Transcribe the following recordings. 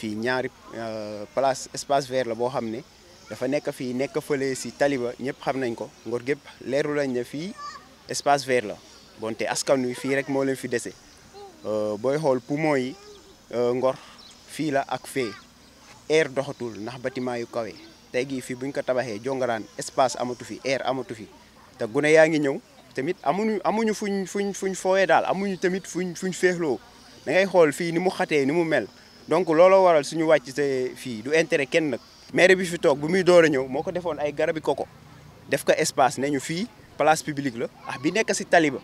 fi ñaari euh, place espace vert la bo xamné dafa nek fi nek feulé si taliba ñepp xam nañ ko ngor gep leeru lañ ne fi espace vert la bonte askan wi fii rek mo leen fi dese euh, booy xool poumon yi euh, ngor fi la ak fé air doxatul nax bâtiment yu kawé tey gii fi buñ ko tabaxé jongaraan espace amatu fi air amatu fi da gune yaangi ñew tamit amuñu amuñu fuñ fuñ fuñ fooyee dal amuñu tamit fuñ fuñ fexlo da ngay xol fi ni mu xaté ni mu mel donc looloo waral suñu wàcc see fii du intérêt kenn nag maire bi fi toog bu muy door a ñëw moo ko defoon ay garabi koko def ko espace ne ñu fii place publique la ah bi nekk si taliba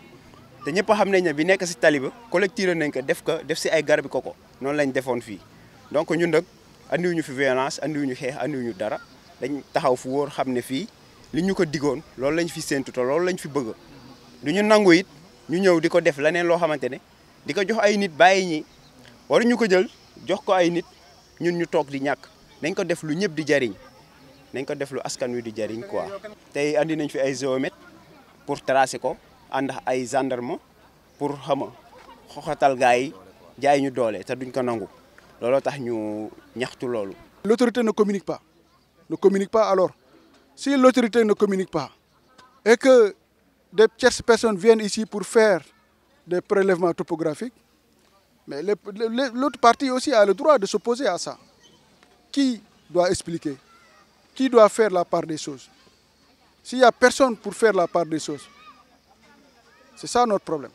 te ñëpp xam nañ ne bi nekk si taliba collecté nañ ko def ko def si ay garabi koko noonu lañ defoon fii donc ñun nag ñu fi violence andiwuñu xeex ñu dara dañ taxaw fu wóor xam ne fii li ñu ko diggoon loolu lañ fi séntu te loolu lañ fi bëgg du ñu nangu it ñu ñëw di ko def leneen loo xamante ne di ko jox ay nit bàyyi ñi waruñu ko jël jox ko ay nit ñun ñu toog di ñàkk nañ ko def lu di jariñ ko def lu askan wi pour tracer ko ay pour xama xoxatal jaay ñu doole duñ l'autorité ne communique pas ne communique pas alors si l'autorité ne communique pas et que des tierces personnes viennent ici pour faire des prélèvements topographiques mais l'autre partie aussi a le droit de s'opposer à ça. Qui doit expliquer Qui doit faire la part des choses S'il n'y a personne pour faire la part des choses, c'est ça notre problème.